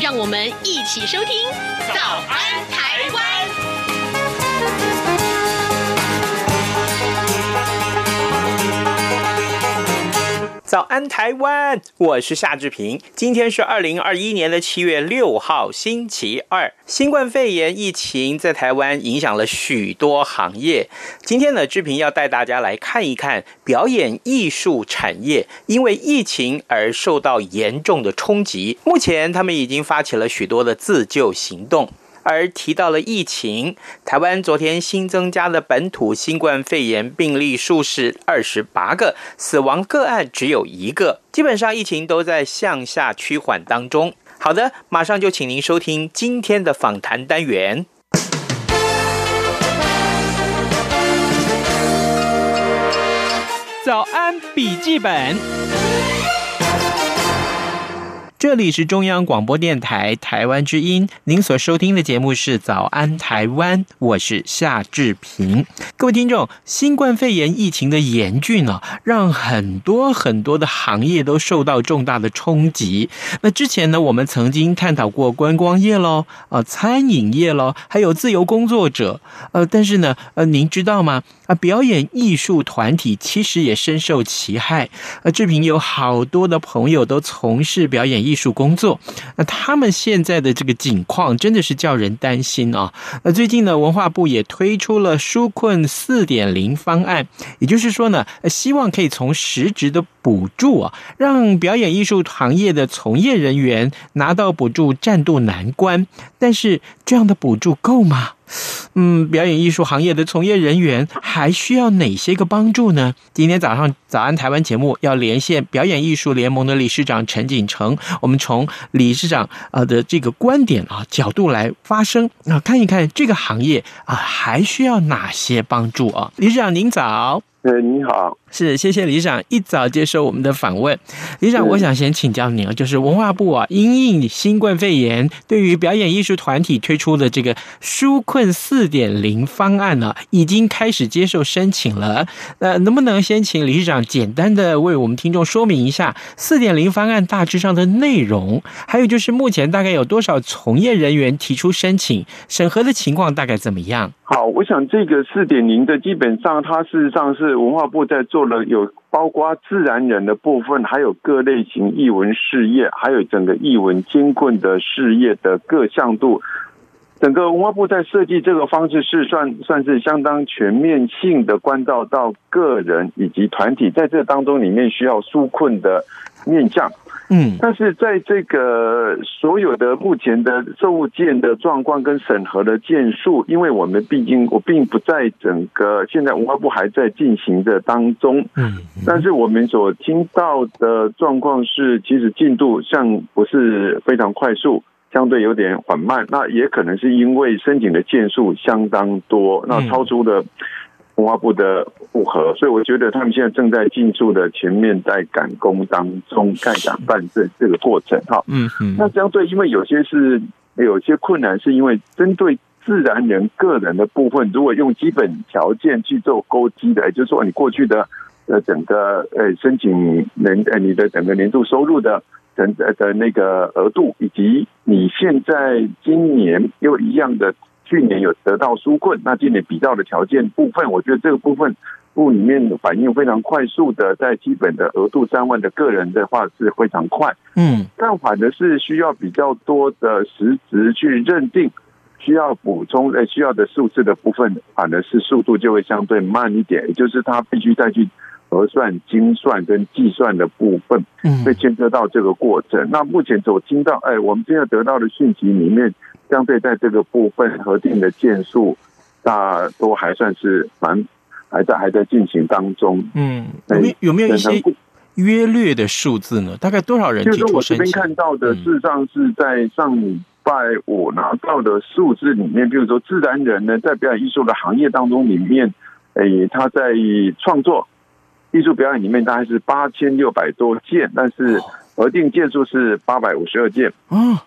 讓我們一起收聽《早安台灣》。早安，台灣！我是夏志平。今天是二零二一年的七月六號，星期二。新冠肺炎疫情在台灣影響了許多行業。今天呢，志平要帶大家來看一看表演藝術產業，因為疫情而受到嚴重的衝擊。目前，他們已經發起了許多的自救行動。而提到了疫情，台灣昨天新增加了本土新冠肺炎病例數是二十八個，死亡個案只有一個，基本上疫情都在向下趨緩當中。好的，馬上就請您收聽今天的訪談單元。早安，筆記本。這裡是中央廣播電臺台灣之音，您所收聽的節目是《早安台灣》，我是夏志平。各位聽眾，新冠肺炎疫情的嚴峻呢，讓很多很多的行業都受到重大的衝擊。那之前呢，我們曾經探討過觀光業嘍，啊、呃，餐飲業嘍，還有自由工作者。呃，但是呢，呃，您知道嗎？啊、呃，表演藝術團體其實也深受其害。呃，志平有好多的朋友都從事表演藝。藝術工作，那他們現在的這個景況真的是叫人擔心啊、哦！那最近呢，文化部也推出了紓困四點零方案，也就是說呢，希望可以從實質的補助啊，讓表演藝術行業的從業人員拿到補助，暫度難關。但是這樣的補助夠嗎？嗯，表演藝術行業的從業人員還需要哪些個幫助呢？今天早上早安台灣節目要連線表演藝術聯盟的理事長陳錦誠，我們從理事長啊的這個觀點啊角度來發聲啊，看一看這個行業啊還需要哪些幫助啊？理事長您早。呃，你好，是謝謝理事長，一早接受我們的訪問。理事長，是我想先請教你啊，就是文化部啊，因應新冠肺炎，對於表演藝術團體推出的這個紓困四點零方案呢，啊，已經開始接受申請了。呃，能不能先請理事長簡單的為我們聽眾說明一下四點零方案大致上的內容？還有就是目前大概有多少從業人員提出申請，審核的情況大概怎麼樣？好，我想這個四點零的基本上它事實上是。文化部在做了有包括自然人的部分，還有各類型藝文事業，還有整個藝文艱困的事業的各項度。整個文化部在設計這個方式是算算是相當全面性的關照到個人以及團體，在這當中裡面需要紓困的面向。嗯，但是在這個所有的目前的受物件的狀況跟審核的件數，因為我們畢竟我並不在整個現在文化部還在進行的當中，嗯，但是我們所聽到的狀況是，其實進度像不是非常快速，相對有點緩慢。那也可能是因為申請的件數相當多，那超出了。文化部的不合，所以我覺得他們現在正在進駐的前面在趕工當中，蓋章辦證這個過程哈。嗯嗯哼，那相對因為有些是有些困難，是因為針對自然人個人的部分，如果用基本條件去做勾稽，的，也就是說你過去的呃整個呃申請人呃你的整個年度收入的整呃的那個額度，以及你現在今年又一樣的。去年有得到紓困，那今年比較的條件部分，我覺得這個部分部裡面反應非常快速的，在基本的額度三萬的個人的話是非常快，嗯，但反而是需要比較多的實質去認定，需要補充的需要的數字的部分，反而是速度就會相對慢一點，也就是他必須再去核算、精算跟計算的部分，會牽涉到這個過程。那目前所聽到，哎，我們現在得到的訊息裡面。相對在這個部分核定的件數，大多還算是蠻還在還在進行當中。嗯，有有沒有一些約略的數字呢？大概多少人提出申請？就是我這邊看到的，事實上是在上禮拜五拿到的數字裡面，嗯、比如說自然人呢，在表演藝術的行業當中，裡面誒、哎，他在創作藝術表演裡面大概是八千六百多件，但是。哦核定件數是八百五十二件，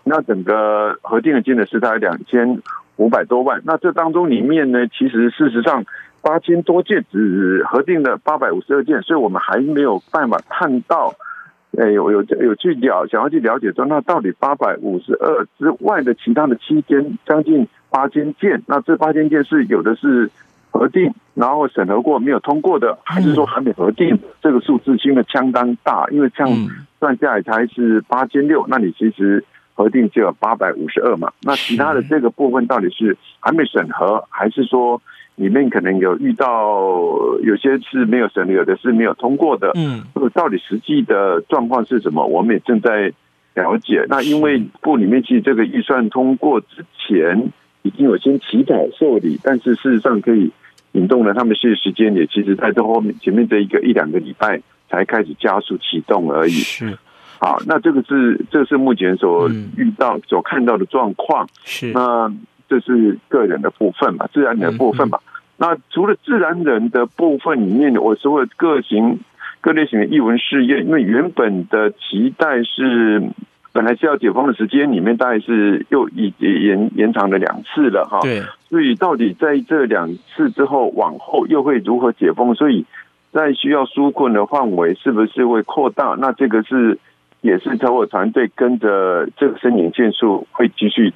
那整個核定的金額是在兩千五百多萬。那這當中裡面呢，其實事實上八千多件只核定了八百五十二件，所以我們還沒有辦法看到，欸、有有有去了，想要去了解說，那到底八百五十二之外的其他的七千將近八千件，那這八千件是有的是。核定，然後審核過沒有通過的，還是說還沒核定？嗯，這個數字真的相當大，因為像算下來，它是八千六，那你其實核定就有八百五十二嘛。那其他的這個部分到底是還沒審核，還是說裡面可能有遇到有些是沒有審核的，有的是沒有通過的？嗯，到底實際的狀況是什麼？我們也正在了解。那因為部裡面其實這個預算通過之前。已經有先期待受理，但是事實上可以引動了，他們其時間也其實在這後面前面這一個一兩個禮拜才開始加速啟動而已。是，好，那這個是這是目前所遇到、嗯、所看到的狀況。是，那、呃、這是個人的部分嘛，自然的部分嘛。嗯嗯，那除了自然人的部分裡面，我所有各型各類型的藝文事業，因為原本的期待是。本來是要解封的時間裡面，大概是又延延延長了兩次了哈。所以到底在這兩次之後，往後又會如何解封？所以在需要紓困的範圍是不是會擴大？那這個是也是招我團隊跟着這個申請件數會繼續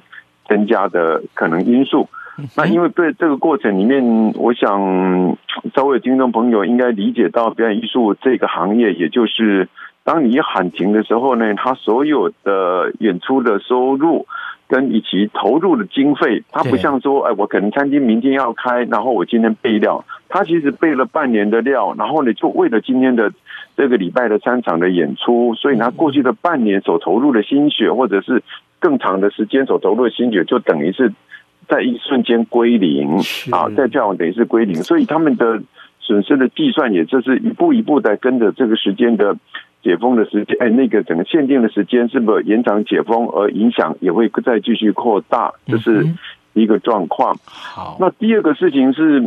增加的可能因素。那因為對這個過程裡面，我想稍微聽眾朋友應該理解到表演藝術這個行業，也就是。當你一喊停的時候呢，他所有的演出的收入跟以及投入的經費，他不像說，哎，我可能餐廳明天要開，然後我今天備料，他其實備了半年的料，然後你就為了今天的這個禮拜的三場的演出，所以他過去的半年所投入的心血，或者是更長的時間所投入的心血，就等於是在一瞬間歸零是啊，再這樣等於是歸零，所以他們的損失的計算，也就是一步一步在跟着這個時間的。解封的時間，哎，那個整個限定的時間是不是延長解封，而影響也會再繼續擴大，這是一個狀況。嗯、好，那第二個事情是，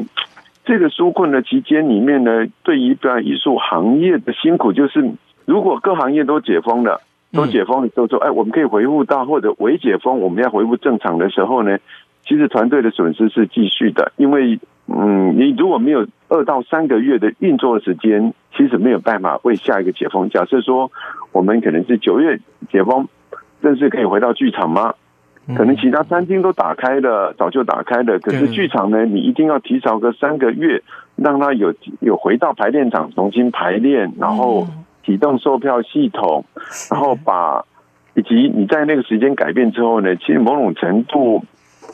這個紓困的期間裡面呢，對於表演藝術行業的辛苦，就是如果各行業都解封了，都解封了，嗯、都說，哎，我們可以恢復到或者微解封，我們要恢復正常的時候呢？其實團隊的損失是繼續的，因為嗯，你如果沒有二到三個月的運作時間，其實沒有辦法為下一個解封。假設說我們可能是九月解封，正式可以回到劇場嗎？可能其他餐廳都打開了，早就打開了。可是劇場呢？你一定要提早個三個月，讓它有有回到排練場重新排練，然後啟動售票系統，然後把以及你在那個時間改變之後呢，其實某種程度。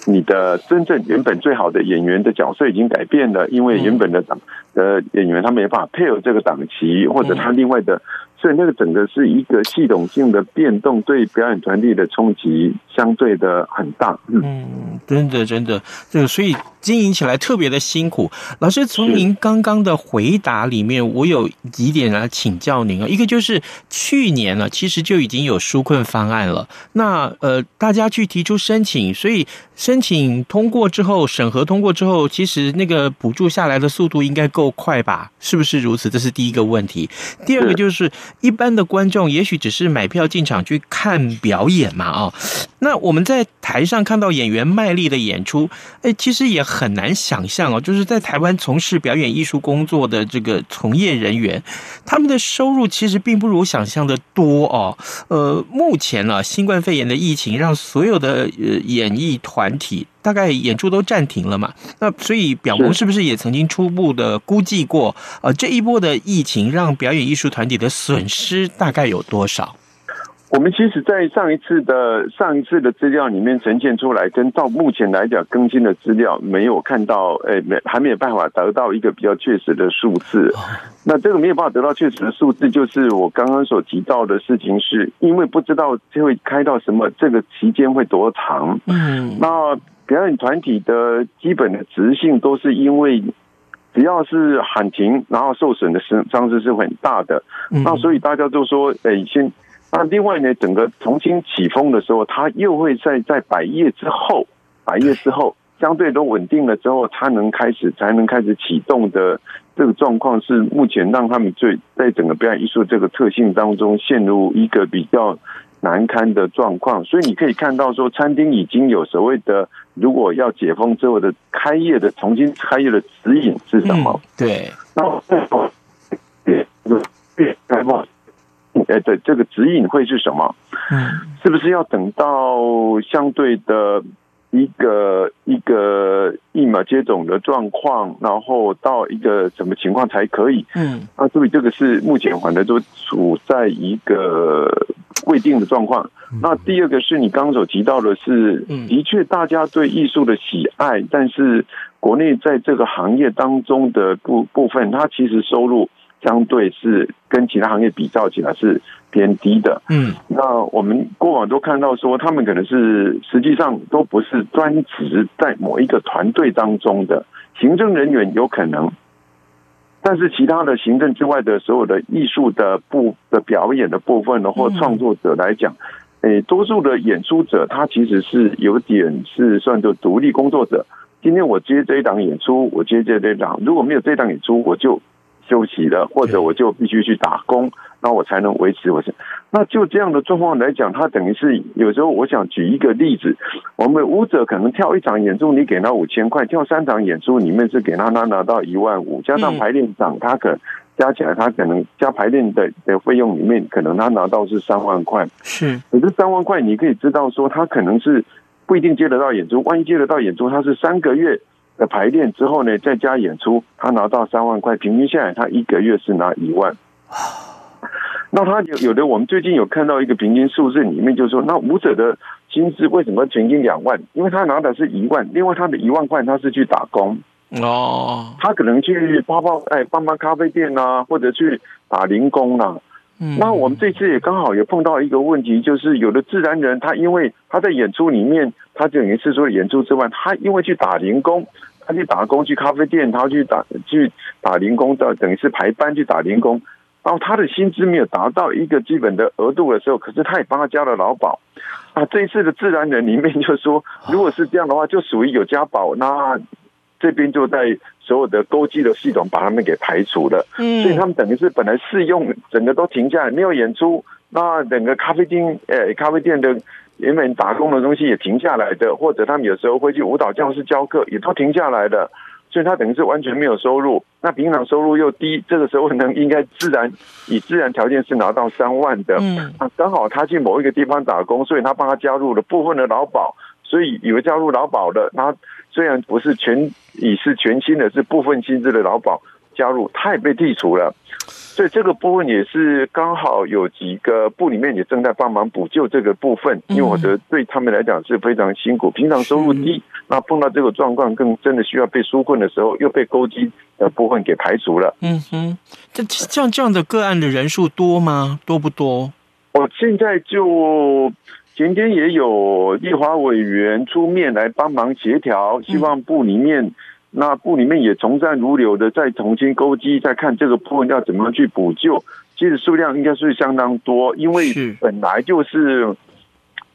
你的真正原本最好的演員的角色已經改變了，因為原本的檔呃演員他沒辦法配合這個檔期，或者他另外的。所以那個整個是一個系統性的變動，對表演團體的衝擊相對的很大，嗯。嗯，真的，真的，這個所以經營起來特別的辛苦。老師，從您剛剛的回答裡面，我有幾點來請教您啊。一個就是去年了，其實就已經有紓困方案了。那呃，大家去提出申請，所以申請通過之後，審核通過之後，其實那個補助下來的速度應該夠快吧？是不是如此？這是第一個問題。第二個就是。一般的觀眾也許只是買票進場去看表演嘛，哦，那我們在台上，看到演員賣力的演出，哎，其實也很難想象哦，就是在台灣從事表演藝術工作的這個從業人員，他們的收入其實並不如想象的多哦。呃，目前呢，啊，新冠肺炎的疫情讓所有的呃演藝團體，大概演出都暫停了嘛？那所以表盟是不是也曾經初步的估計過？是呃，這一波的疫情讓表演藝術團體的損失大概有多少？我們其實，在上一次的上一次的資料裡面呈現出來，跟到目前來講更新的資料沒有看到，哎、欸，沒還沒有辦法得到一個比較確實的數字。哇那這個沒有辦法得到確實的數字，就是我剛剛所提到的事情是，是因為不知道這會開到什麼這個期間會多長。嗯，那。表演團體的基本的執行都是因為，只要是喊停，然後受損的傷勢是很大的。那所以大家都說，誒，先。那另外呢，整個重新起風的時候，它又會在在百業之後，百業之後相對都穩定了之後，它能開始才能開始啟動的這個狀況，是目前讓他們最在整個表演藝術這個特性當中陷入一個比較難堪的狀況。所以你可以看到，說餐廳已經有所謂的。如果要解封之後的開業的重新開業的指引是什麼？嗯、對，那這就對，這個指引會是什麼？嗯，是不是要等到相對的一個一個疫苗接種的狀況，然後到一個什麼情況才可以？嗯，啊，所以這個是目前反正都處在一個未定的狀況。那第二個是你剛剛所提到的，是的確大家對藝術的喜愛，嗯，但是國內在這個行業當中的部部分，它其實收入相對是跟其他行業比較起來是偏低的。嗯，那我們過往都看到說，他們可能是實際上都不是專職在某一個團隊當中的行政人員，有可能，但是其他的行政之外的所有的藝術的部的表演的部分呢，或創作者來講。嗯，嗯。誒，多數的演出者，他其實是有點是算作獨立工作者。今天我接這一檔演出，我接這一檔；如果沒有這一檔演出，我就休息了，或者我就必須去打工，那我才能維持我。那就這樣的狀況來講，他等於是有時候我想舉一個例子：我們舞者可能跳一場演出，你給他五千塊；跳三場演出，你們是給他，他拿到一萬五，加上排練場，他可。加起來，他可能加排練的的費用裡面，可能他拿到是三萬塊。是，可是三萬塊，你可以知道說，他可能是不一定接得到演出。萬一接得到演出，他是三個月的排練之後呢，再加演出，他拿到三萬塊，平均下來，他一個月是拿一萬。那他有有的，我們最近有看到一個平均數字，裡面就是說，那舞者的薪資為什麼平均兩萬？因為他拿的是一萬，另外他的一萬塊他是去打工。哦，oh. 他可能去幫幫哎，幫幫咖啡店啊，或者去打零工啦，啊。嗯，mm. 那我們這次也剛好也碰到一個問題，就是有的自然人，他因為他在演出裡面，他就等於是除了演出之外，他因為去打零工，他去打工去咖啡店，他去打去打零工，到等於是排班去打零工，然後他的薪資沒有達到一個基本的額度的時候，可是他也幫他交了勞保啊。這一次的自然人裡面，就說如果是這樣的話，就屬於有加保那。這邊就在所有的勾稽的系統把他們給排除了，所以他們等於是本來適用整個都停下來，沒有演出，那整個咖啡廳呃咖啡店的原本打工的東西也停下來的，或者他們有時候會去舞蹈教室教課，也都停下來的，所以他等於是完全沒有收入。那平常收入又低，這個時候呢，應該自然以自然條件是拿到三萬的，嗯，那剛好他去某一個地方打工，所以他幫他加入了部分的勞保。所以，以，有加入勞保的，那雖然不是全，已是全新的是部分薪資的勞保加入，他也被剔除了。所以這個部分也是剛好有幾個部裡面也正在幫忙補救這個部分，因為我覺得對他們來講是非常辛苦，平常收入低，那、嗯、碰到這個狀況，更真的需要被紓困的時候，又被勾稽的部分給排除了。嗯哼、嗯，這樣這樣的個案的人數多嗎？多不多？我現在就。前天也有立法委員出面來幫忙協調，希望部裡面，那部裡面也從善如流的再重新勾稽，再看這個部分要怎麼樣去補救。其實數量應該是相當多，因為本來就是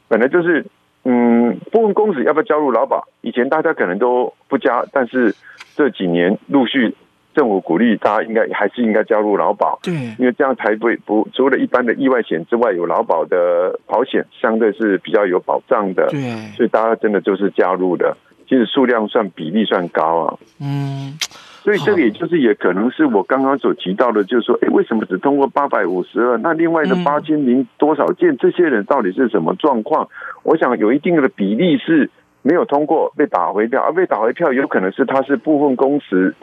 本來就是，嗯，部分公司要不要加入勞保？以前大家可能都不加，但是這幾年陸續。政府鼓勵大家應該還是應該加入勞保，對，因為這樣才對。不，除了一般的意外險之外，有勞保的保險相對是比較有保障的。對，所以大家真的就是加入的，其實數量算比例算高啊。嗯，所以這個也就是也可能是我剛剛所提到的，就是說、欸，誒，為什麼只通過八百五十二？那另外的八千零多少件，這些人到底是什麼狀況？我想有一定的比例是沒有通過被打回票，啊，而被打回票有可能是他是部分工時。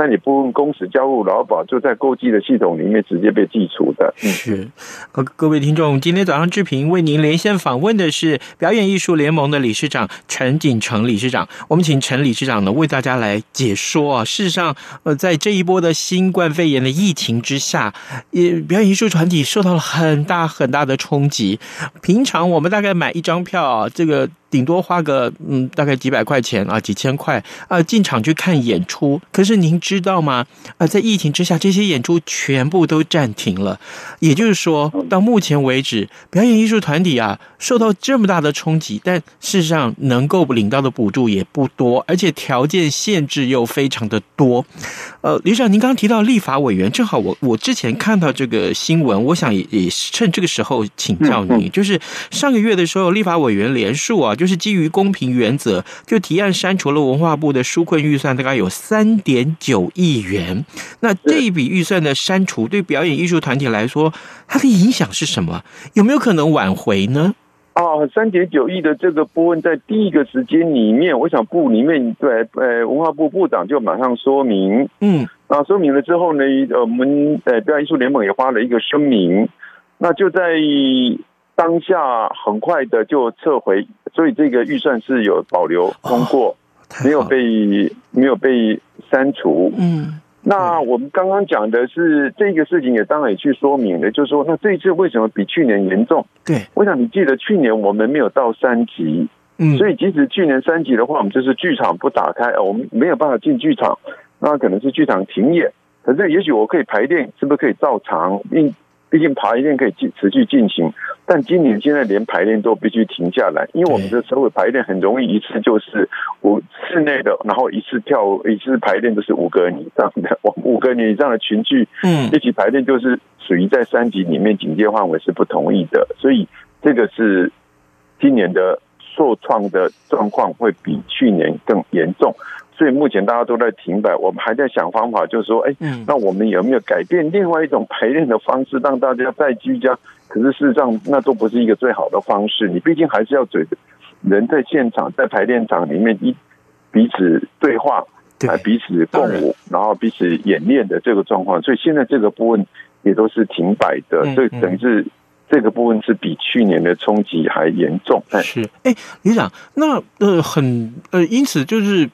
但你不問公司交入勞保，就在購記的系統裡面直接被記除的。是，呃，各位聽眾，今天早上志平為您連線訪問的是表演藝術聯盟的理事長陳錦誠理事長，我們請陳理事長呢為大家來解說啊。事實上，呃，在這一波的新冠肺炎的疫情之下，也表演藝術團體受到了很大很大的衝擊。平常我們大概買一張票啊，這個。頂多花個嗯，大概幾百塊錢啊，幾千塊啊，進場去看演出。可是您知道嗎？啊，在疫情之下，這些演出全部都暫停了。也就是說，到目前為止，表演藝術團體啊，受到這麼大的衝擊，但事實上能夠領到的補助也不多，而且條件限制又非常的多。呃，理事長，您剛提到立法委員，正好我我之前看到這個新聞，我想也也趁這個時候請教您，就是上個月的時候，立法委員聯署啊。就是基於公平原則，就提案刪除了文化部的紓困預算，大概有三點九億元。那這一筆預算的刪除，對表演藝術團體來說，它的影響是什麼？有沒有可能挽回呢？哦、啊，三點九億的這個部分，在第一個時間裡面，我想部裡面對呃文化部部長就馬上說明，嗯，那、啊、說明了之後呢，我們呃，呃表演藝術聯盟也發了一個聲明，那就在。當下很快的就撤回，所以這個預算是有保留通過，哦、沒有被沒有被刪除。嗯，那我們剛剛講的是這個事情，也當然也去說明了，就是說，那這一次為什麼比去年嚴重？對，我想你記得去年我們沒有到三級，嗯，所以即使去年三級的話，我們就是劇場不打開，我們沒有辦法進劇場，那可能是劇場停演，可是也許我可以排練，是不是可以照常？畢畢竟排練可以繼持續進行。但今年現在連排練都必須停下來，因為我們的社會排練很容易一次就是五室內的，然後一次跳舞一次排練都是五個人以上的，我們五個人以上的群聚，嗯，一起排練就是屬於在三級裡面警戒範圍是不同意的，所以這個是今年的受創的狀況會比去年更嚴重，所以目前大家都在停擺，我們還在想方法，就是說，哎，那我們有沒有改變另外一種排練的方式，讓大家在居家？可是事實上，那都不是一個最好的方式。你畢竟還是要嘴的人在現場，在排練場裡面一彼此對話，對、呃、彼此共舞，然後彼此演練的這個狀況。所以現在這個部分也都是停擺的，對、嗯，等於是這個部分是比去年的衝擊還嚴重。但是，哎，理事長，那呃，很呃，因此就是。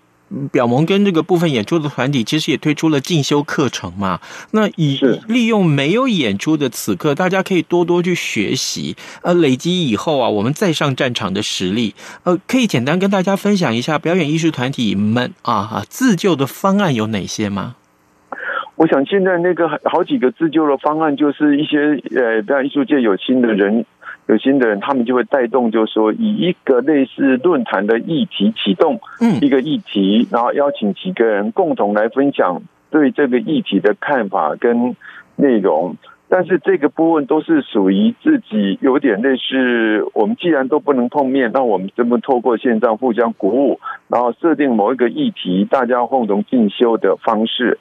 表盟跟這個部分演出的團體，其實也推出了進修課程嘛。那以利用沒有演出的此刻，大家可以多多去學習。呃，累積以後啊，我們再上戰場的實力。呃，可以簡單跟大家分享一下表演藝術團體們啊啊自救的方案有哪些嗎？我想現在那個好幾個自救的方案，就是一些呃表演藝術界有心的人。有心的人，他們就會帶動，就是說，以一個類似論壇的議題啟動，嗯，一個議題，然後邀請幾個人共同來分享對這個議題的看法跟內容。但是這個部分都是屬於自己，有點類似，我們既然都不能碰面，那我們怎麼透過線上互相鼓舞，然後設定某一個議題，大家共同進修的方式。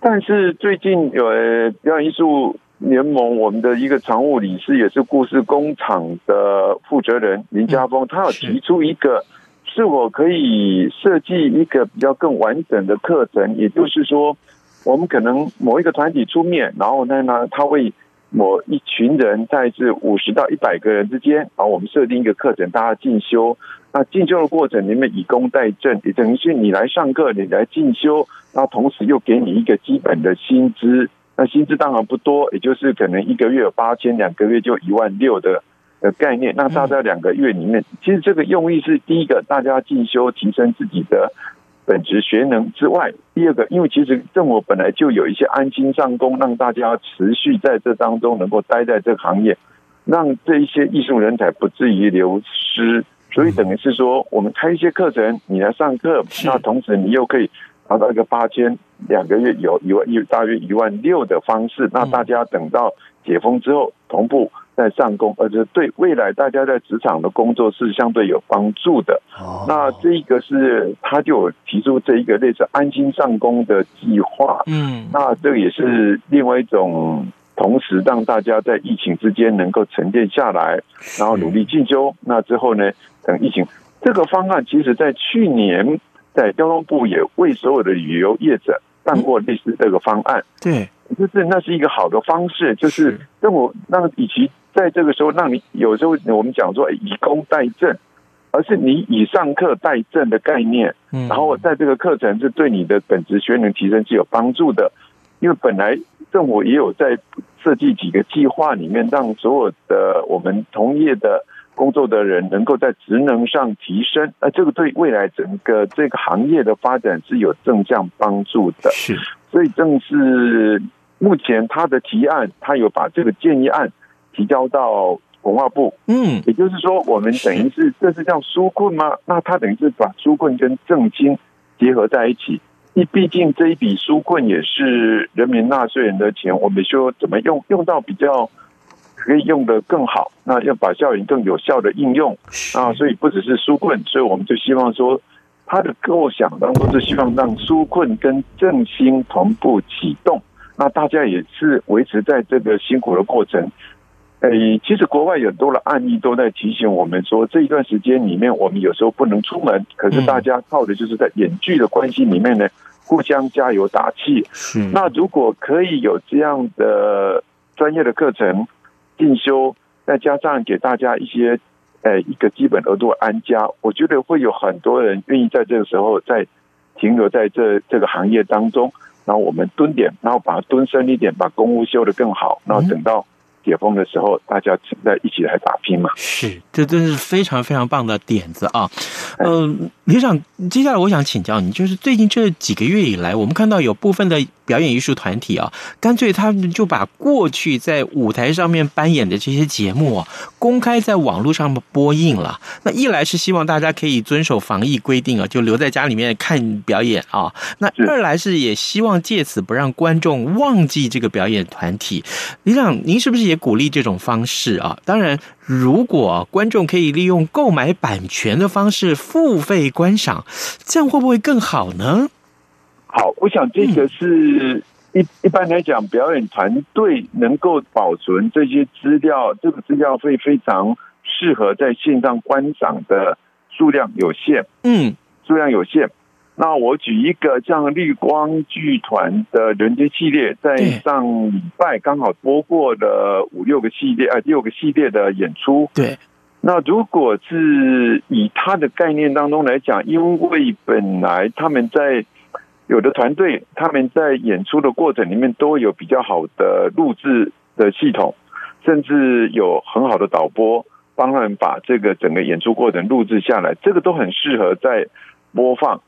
但是最近有呃，表演藝術。聯盟我們的一個常務理事也是故事工廠的負責人林家峰，他有提出一個是我可以設計一個比較更完整的課程，也就是說，我們可能某一個團體出面，然後呢，他為某一群人，在是五十到一百個人之間，然後我們設定一個課程，大家進修。那進修的過程裡面以工代賑，也等於是你來上課，你來進修，那同時又給你一個基本的薪資。那薪資當然不多，也就是可能一個月有八千，兩個月就一萬六的概念。那大概兩個月裡面，其實這個用意是第一個，大家進修提升自己的本職學能之外，第二個，因為其實政府本來就有一些安心上工，讓大家持續在這當中能夠待在這個行業，讓這一些藝術人才不至於流失。所以等於是說，我們開一些課程，你來上課，那同時你又可以拿到一個八千。兩個月有一萬一大約一萬六的方式，那大家等到解封之後同步再上工，而且對未來大家在職場的工作是相對有幫助的。那這一個是他就提出這一個類似安心上工的計劃。嗯，那這也是另外一種，同時讓大家在疫情之間能夠沉澱下來，然後努力進修。那之後呢，等疫情這個方案，其實在去年在交通部也為所有的旅遊業者。辦過類似這個方案，對，就是那是一個好的方式，就是政府那麼以及在這個時候，讓你有時候我們講說以工代賑，而是你以上課代賑的概念，然後在這個課程是對你的本職學能提升是有幫助的，因為本來政府也有在設計幾個計劃裡面，讓所有的我們同業的。工作的人能夠在職能上提升，呃，這個對未來整個這個行業的發展是有正向幫助的。是，所以正是目前他的提案，他有把這個建議案提交到文化部。嗯，也就是說，我們等於是，是這是叫紓困嗎？那他等於是把紓困跟振興結合在一起。因為，畢竟這一筆紓困也是人民納稅人的錢，我們說怎麼用用到比較。可以用得更好，那要把效應更有效的應用啊，所以不只是紓困，所以我們就希望說，他的構想當中是希望讓紓困跟振興同步啟動。那大家也是維持在這個辛苦的過程。誒、欸，其實國外很多的案例都在提醒我們說，這一段時間裡面，我們有時候不能出門，可是大家靠的就是在演劇的關係裡面呢，互相加油打氣。是那如果可以有這樣的專業的課程，進修，再加上給大家一些，呃，一個基本額度安家，我覺得會有很多人願意在這個時候在停留在這這個行業當中，然後我們蹲點，然後把它蹲深一點，把公務修得更好，然後等到。解封的時候，大家在一起來打拼嘛。是，這真是非常非常棒的點子啊！嗯、呃，理事長、哎，接下來我想請教你，就是最近這幾個月以來，我們看到有部分的表演藝術團體啊，乾脆他們就把過去在舞台上面搬演的這些節目啊，公開在網絡上播映了。那一來是希望大家可以遵守防疫規定啊，就留在家裡面看表演啊；那二來是也希望借此不讓觀眾忘記這個表演團體。理事長是，您是不是也？鼓勵這種方式啊！當然，如果觀眾可以利用購買版權的方式付費觀賞，這樣會不會更好呢？好，我想這個是、嗯、一一般來講，表演團隊能夠保存這些資料，這個資料會非常適合在線上觀賞的數量有限。嗯，數量有限。那我舉一個像綠光劇團的人間系列，在上禮拜剛好播過的五六個系列，啊，六個系列的演出。對，那如果是以他的概念當中來講，因為本來他們在有的團隊，他們在演出的過程裡面都有比較好的錄制的系統，甚至有很好的導播幫他們把這個整個演出過程錄制下來，這個都很適合在播放。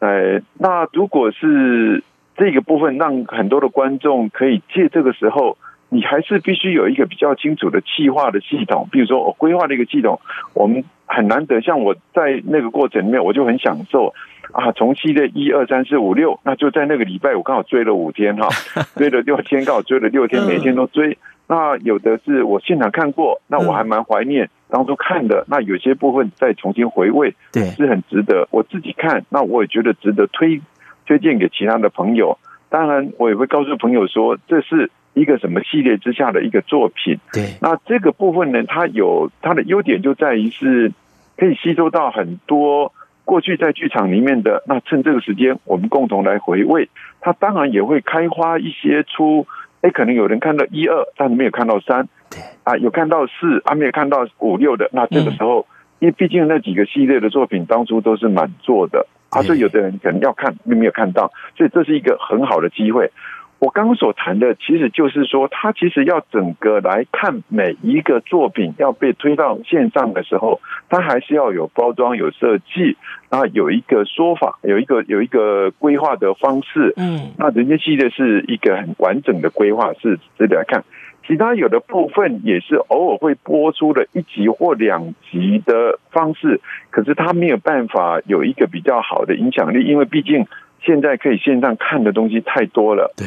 呃，那如果是這個部分，讓很多的觀眾可以借這個時候，你還是必須有一個比較清楚的企劃的系統。比如說，我規劃的一個系統，我們很難得。像我在那個過程裡面，我就很享受啊，從七月一二三四五六，那就在那個禮拜，我剛好追了五天哈，追了六天，剛好追了六天，每天都追。那有的是我現場看過，那我還蠻懷念。當初看的，那有些部分再重新回味，是很值得。對我自己看，那我也覺得值得推推薦給其他的朋友。當然，我也會告訴朋友說，這是一個什麼系列之下的一個作品。對，那這個部分呢，它有它的優點，就在於是可以吸收到很多過去在劇場裡面的。那趁這個時間，我們共同來回味。它當然也會開花一些出。哎，可能有人看到一二，但沒有看到三，對啊，有看到四，啊沒有看到五六的，那這個時候，嗯，因為畢竟那幾個系列的作品當初都是滿座的，啊，所以有的人可能要看，沒有看到，所以這是一個很好的機會。我剛剛所談的，其實就是說，他其實要整個來看每一個作品要被推到線上的時候，他還是要有包裝、有設計，然後有一個說法，有一個有一個規劃的方式。嗯，那人間系列是一個很完整的規劃，是值得看。其他有的部分也是偶爾會播出的一集或兩集的方式，可是他沒有辦法有一個比較好的影響力，因為畢竟。現在可以線上看的東西太多了，對，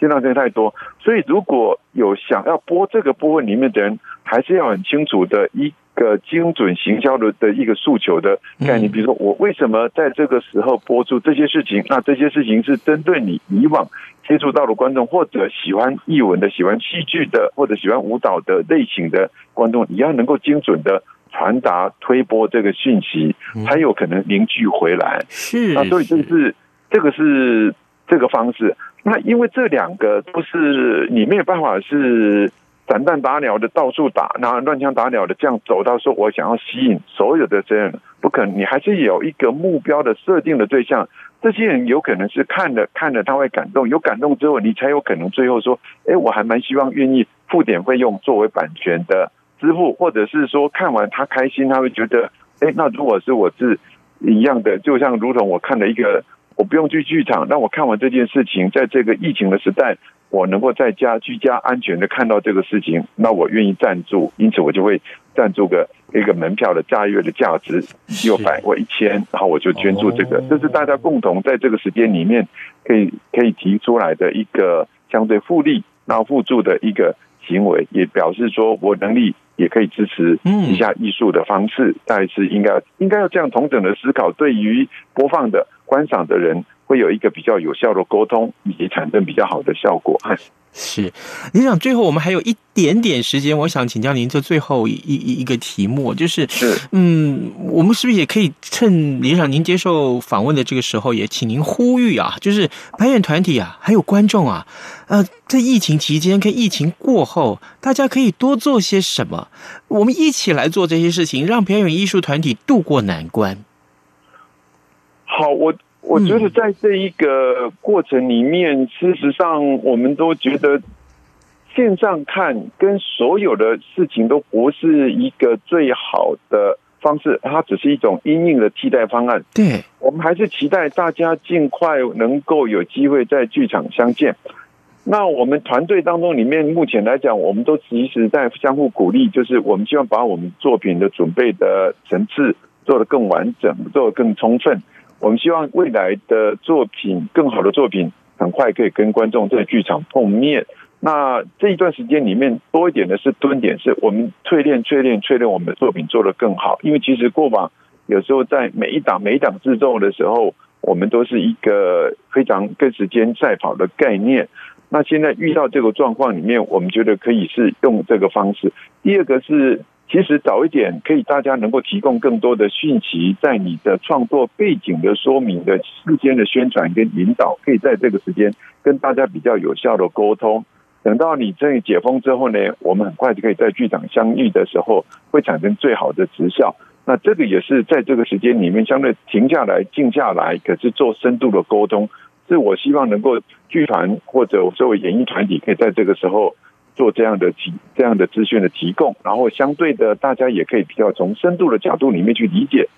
線上真的太多，所以如果有想要播這個部分裡面的人，還是要很清楚的一個精準行銷的的一個訴求的概念。比如說，我為什麼在這個時候播出這些事情？那這些事情是針對你以往接觸到的觀眾，或者喜歡藝文的、喜歡戲劇的，或者喜歡舞蹈的類型的觀眾，你要能夠精準的傳達推播這個信息，才有可能凝聚回來。是，那所以這是。這個是這個方式，那因為這兩個都是你沒有辦法是散彈打鳥的到處打，然後亂槍打鳥的這樣走到說，我想要吸引所有的人，不可能。你還是有一個目標的設定的對象，這些人有可能是看了看了他會感動，有感動之後，你才有可能最後說，哎，我還蠻希望願意付點費用作為版權的支付，或者是說看完他開心，他會覺得，哎，那如果是我是一樣的，就像如同我看了一個。我不用去劇場，那我看完這件事情，在這個疫情的時代，我能夠在家居家安全的看到這個事情，那我願意贊助，因此我就會贊助個一個門票的大約的價值600或 1000, 是，又百我一千，然後我就捐助這個，哦、這是大家共同在這個時間裡面可以可以提出來的一個相對互利，然後互助的一個行為也表示說，我能力也可以支持一下藝術的方式，但是應該應該要這樣同等的思考，對於播放的觀賞的人，會有一個比較有效的溝通，以及產生比較好的效果。是，理事長，最後我們還有一點點時間，我想請教您這最後一一一,一個題目，就是是，嗯，我們是不是也可以趁理事長您接受訪問的這個時候，也請您呼籲啊，就是表演團體啊，還有觀眾啊，呃，在疫情期間跟疫情過後，大家可以多做些什麼？我們一起來做這些事情，讓表演藝術團體渡過難關。好，我。我覺得在這一個過程裡面，事實上我們都覺得線上看跟所有的事情都不是一個最好的方式，它只是一種因應的替代方案。對。我們還是期待大家盡快能夠有機會在劇場相見。那我們團隊當中裡面，目前來講，我們都其實在相互鼓勵，就是我們希望把我們作品的準備的層次做得更完整，做得更充分。我們希望未來的作品，更好的作品，很快可以跟觀眾在劇場碰面。那這一段時間裡面多一點的是蹲點，是我們淬煉、淬煉、淬煉我們的作品，做得更好。因為其實過往有時候在每一檔、每一檔制作的時候，我們都是一個非常跟時間賽跑的概念。那現在遇到這個狀況裡面，我們覺得可以是用這個方式。第二個是。其實早一點可以，大家能夠提供更多的訊息，在你的創作背景的說明的時間的宣傳跟引導，可以在這個時間跟大家比較有效的溝通。等到你這裡解封之後呢，我們很快就可以在劇場相遇的時候會產生最好的實效。那這個也是在這個時間裡面相對停下來靜下來，可是做深度的溝通，是我希望能夠劇團或者作為演藝團體可以在這個時候。做這樣的提、這樣的資訊的提供，然後相對的，大家也可以比較從深度的角度裡面去理解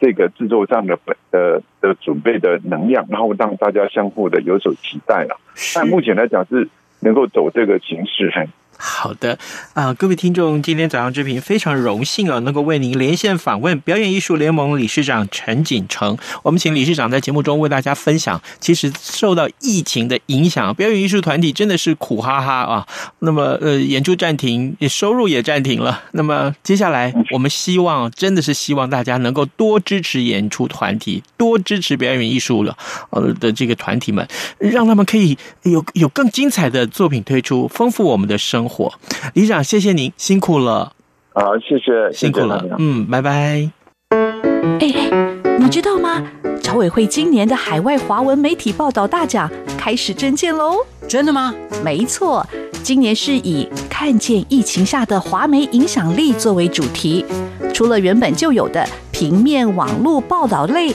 這個製作上的本的、呃的準備的能量，然後讓大家相互的有所期待了、啊。但目前來講是能夠走這個形式，嘿。好的啊、呃，各位聽眾，今天早上這頻非常榮幸啊，能夠為您連線訪問表演藝術聯盟理事長陳錦誠。我們請理事長在節目中為大家分享，其實受到疫情的影響，表演藝術團體真的是苦哈哈啊。那麼，呃，演出暫停，收入也暫停了。那麼，接下來我們希望，真的是希望大家能夠多支持演出團體，多支持表演藝術了，呃的這個團體們，讓他們可以有有更精彩的作品推出，豐富我們的生活。火，理事長，謝謝您，辛苦了。好、啊，謝謝，辛苦了。謝謝啊、嗯，拜拜。哎哎，你知道嗎？僑委會今年的海外華文媒體報道大獎開始徵件嘍！真的嗎？沒錯，今年是以“看見疫情下的華媒影響力”作為主題。除了原本就有的平面、網絡報道類、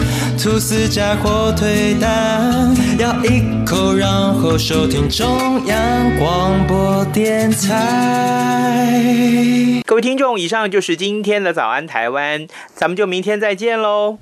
吐司加火腿蛋，咬一口，然後收聽中央廣播電臺。各位聽眾，以上就是今天的早安台灣，咱們就明天再見嘍。